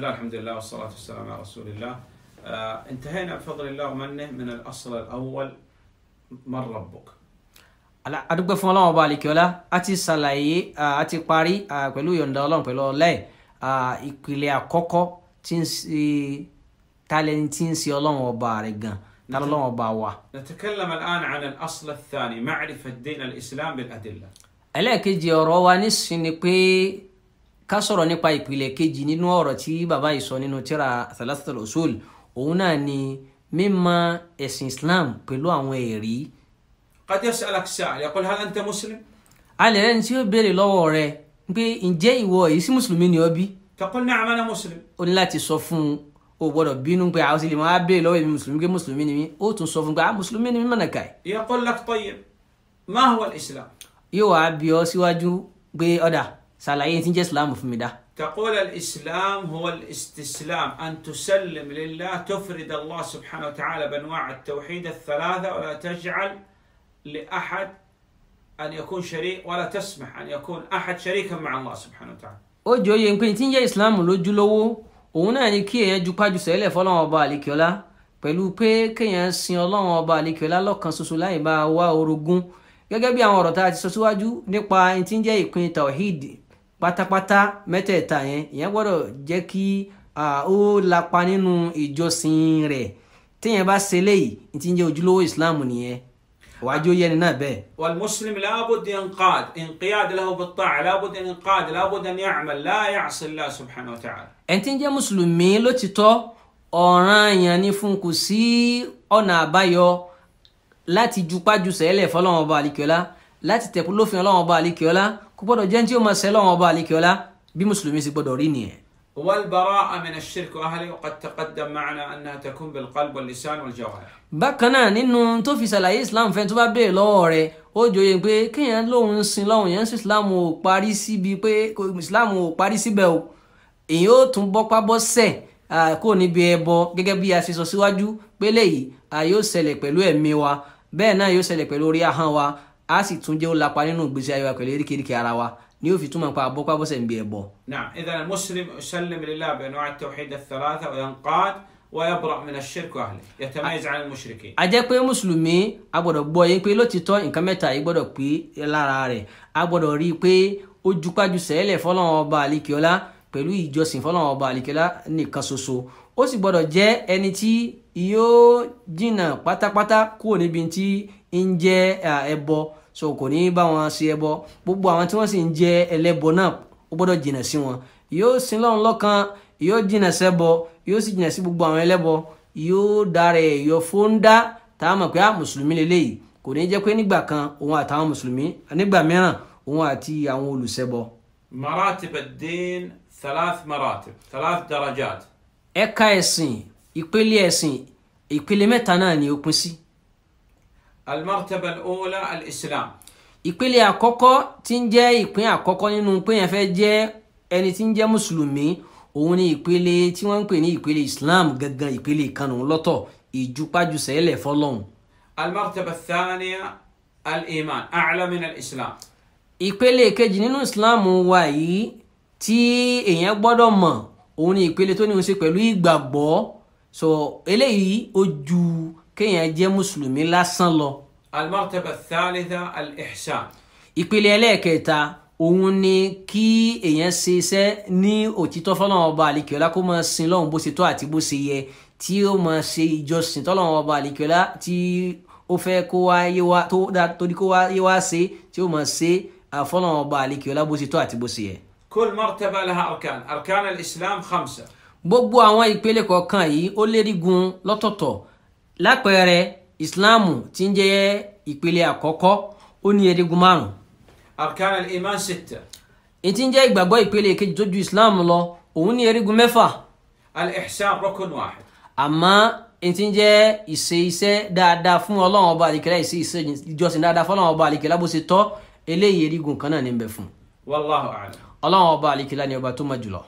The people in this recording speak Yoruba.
الله الحمد لله والصلاة والسلام على رسول الله آه انتهينا بفضل الله ومنه من الأصل الأول من ربك adúgbò fún ọlọ́run ọba àlekíọ́lá a ti ṣàlàyé a ti parí pẹ̀lú ìyọ̀ǹda ọlọ́run pẹ̀lú ọlẹ́ ìpìlẹ̀ àkọ́kọ́ tí ń ṣe tálẹ́ni tí ń ṣe ọlọ́run ọba rẹ̀ gan tálẹ́ ọlọ́run ọba wa. نتكلم الآن عن الأصل الثاني معرفة دين الإسلام بالأدلة. ẹlẹ́ẹ̀kejì ọ̀rọ̀ wa nísìnyí ni pé ká sọ̀rọ̀ nípa ìpìlẹ̀ kejì nínú ọ̀rọ̀ tí bàbá yìí sọ nínú tíra salasatul usul òun náà ni mímọ̀ ẹ̀sìn Islam pẹ̀lú àwọn ẹ̀rí. qad yas'alaka sa'il yaqul hal anta muslim. alẹ́ rẹ̀ ni tí ó béèrè lọ́wọ́ rẹ̀ pé ǹjẹ́ ìwọ yìí sí mùsùlùmí ni ọ́ bí. taqul na'am ana muslim. ó ní láti sọ fún un o gbọ́dọ̀ bínú pé àwọn sílẹ̀ máa béèrè lọ́wọ́ èmi mùsùlùmí pé mùsùlùmí ni mí ó tún sọ fún pé ah mùsùlùmí ni mí mọ̀nà káì. yaqul lak tayyib ma huwa al-islam ṣàlàyé tí ń jẹ́ islam fún mi dá. تقول الإسلام هو الاستسلام أن تسلم لله تفرد الله سبحانه وتعالى بأنواع التوحيد الثلاثة ولا تجعل لأحد أن يكون شريك ولا تسمح أن يكون أحد شريكا مع الله سبحانه وتعالى ó jọyè pé tí ń jẹ́ islam lójúlówó òun náà ni kí èèyàn jupájú sẹ́lẹ̀ fọlọ́run ọba àlekèọ́lá pẹ̀lú pé kéèyàn sin ọlọ́run ọba àlekèọ́lá lọ́kan ṣoṣo láì bá a wá orogún gẹ́gẹ́ bí àwọn ọ̀rọ̀ tá a ti sọ síwájú nípa tí ń jẹ́ ìpín tawhid pátápátá mẹ́tẹ̀ẹ̀ta yẹn ìyẹn gbọ́dọ̀ jẹ́ kí ó lapa nínú ìjọsìn rẹ̀ téèyàn bá ṣe léyìí ní ti ń jẹ́ ojúlówó islam nìyẹn wájú yẹn náà bẹ́ẹ̀. والمسلم لابد ينقاد انقياد له بالطاعة لابد أن ينقاد لابد أن يعمل لا يعصي الله سبحانه وتعالى. ẹni tí ń jẹ́ mùsùlùmí ló ti tọ́ ọ̀ranyàn ni fún kò sí ọ̀nà àbáyọ láti jupájú sẹ́lẹ̀ fọlọ́wọ́n ọba àlìkíọ́lá láti tẹ̀kú lófin ọlọ́wọ́n àlìkíọ́lá kò gbọ́dọ̀ jẹ́ tí ó máa sẹ́lọ̀ wọn ọba àlekèọ́lá bí mùsùlùmí sì gbọ́dọ̀ rí nìyẹn. والبراءة من الشرك وأهله وقد تقدم معنا أنها تكون بالقلب واللسان والجوارح. bákan náà nínú tó fi ṣàlàyé islam fẹ́ tó bá béèrè lọ́wọ́ rẹ̀ ó jòyè pé kéèyàn lòun ń sin lọ́hùn yẹn sí islam ò parí síbi pé islam ò parí síbẹ̀ o èyí ó tún bọ́pá bọ́sẹ̀ kó níbi ẹbọ gẹ́gẹ́ bí a ṣe sọ síwájú pé léyìí yóò ṣẹlẹ̀ pẹ̀lú ẹ̀mí wa bẹ́ẹ̀ náà yóò ṣẹlẹ̀ pẹ̀lú orí ahọ́n wa a sì tún jẹ́ ó lapa nínú ìgbésí ayé wa pẹ̀lú eríkèéríkèé ara wa ni yóò fi túmọ̀ pa àbọ́pá bọ́sẹ̀ ń bí ẹ bọ̀. Na'am, idhan muslim yusallim lillahi bi anwa'i at-tawhid ath-thalatha wa yanqad wa yabra' min ash-shirk wa ahlihi yatamayiz 'an a jẹ́ pé mùsùlùmí a gbọ́dọ̀ gbọ́ yé pé lótìtọ́ nǹkan mẹ́ta yìí gbọ́dọ̀ pé lára rẹ̀ a gbọ́dọ̀ rí i pé ó jupájú sẹ́lẹ̀ fọlọ́wọn ọba àlekèọ́lá pẹ̀lú ìjọsìn fọlọ́wọn ọba àlekèọ́lá nìkan ṣoṣo ó sì gbọ́dọ̀ jẹ́ ẹni tí yóò jìnnà pátápátá kúrò níbi tí ń jẹ́ ẹbọ so kò ní bá wọn ṣe ẹbọ gbogbo àwọn tí wọ́n sì ń jẹ́ ẹlẹ́bọ náà ó gbọ́dọ̀ jìnà sí wọn yóò sin lọ́run lọ́kan yóò jìnà sẹ́bọ yóò sì jìnà sí gbogbo àwọn ẹlẹ́bọ yóò dára ẹ̀ yọ fóńdá tá a mọ̀ pé a mùsùlùmí lélẹ́yìí kò ní jẹ́ pé nígbà kan òun àtàwọn mùsùlùmí nígbà mìíràn òun àti àwọn olùṣẹbọ. maratib ad maratib thalath darajat. ẹ̀ka ẹ̀sìn ìpele ẹ̀sìn ìpele mẹ́ta náà ni ó pín sí. Si المرتبة الأولى الإسلام ìpele àkọ́kọ́ tí ń jẹ́ ìpín àkọ́kọ́ nínú pé yẹn fẹ́ jẹ́ ẹni tí ń jẹ́ mùsùlùmí òun ni ìpele tí wọ́n ń pè ní ìpele islam gangan ìpele ìkànnì lọ́tọ̀ ìjùpájùsẹ̀ ẹlẹ̀ fọlọ́hún. المرتبة الثانية الإيمان أعلى من الإسلام. ìpele kejì nínú islam wa yìí tí èèyàn gbọ́dọ̀ mọ̀ òun ni ìpele tó ní í pẹ̀lú ìgbàgbọ́ so eléyìí ó kéèyàn jẹ́ mùsùlùmí lásán lọ. al-martaba ath-thalitha al-ihsan. ìpele ẹlẹ́ẹ̀kẹta òun ni kí èèyàn ṣe iṣẹ́ ní òtítọ́ fọlọ́run ọba àlekèọ́lá kó máa sin lọ́run bó ṣe tọ́ àti bó ṣe yẹ tí ó máa ṣe ìjọsìn tọ́lọ́run ọba àlekèọ́lá tí ó fẹ́ kó wá yé wá tó dá torí kó wá yé wá ṣe tí ó máa ṣe àfọlọ́run ọba àlekèọ́lá bó ṣe tọ́ àti bó ṣe yẹ. كل مرتبة لها أركان أركان الإسلام خمسة gbogbo àwọn ìpele kọ̀ọ̀kan yìí ó lérígun lọ́tọ̀ọ̀tọ̀ lápẹẹrẹ ìsìláàmù tí ń jẹ́ ìpele àkọ́kọ́ ó ní erigun márùn. arkan al-iman sitta. ètí ń jẹ́ ìgbàgbọ́ ìpele kejì tó ju islam lọ òun ní erigun mẹ́fà. al-ihsan rukun wahid. àmọ́ ètí ń jẹ́ ìṣe iṣẹ́ dáadáa fún ọlọ́run ọba àlìkẹ́lá ìṣe ìṣe ìjọsìn dáadáa fún ọlọ́run ọba àlìkẹ́lá bó ṣe tọ́ eléyìí erigun kan náà ní bẹ̀ fún. wallahu a'lam. ọlọ́run ọba àlìkẹ́lá ni ọba tó mọ̀ jùlọ.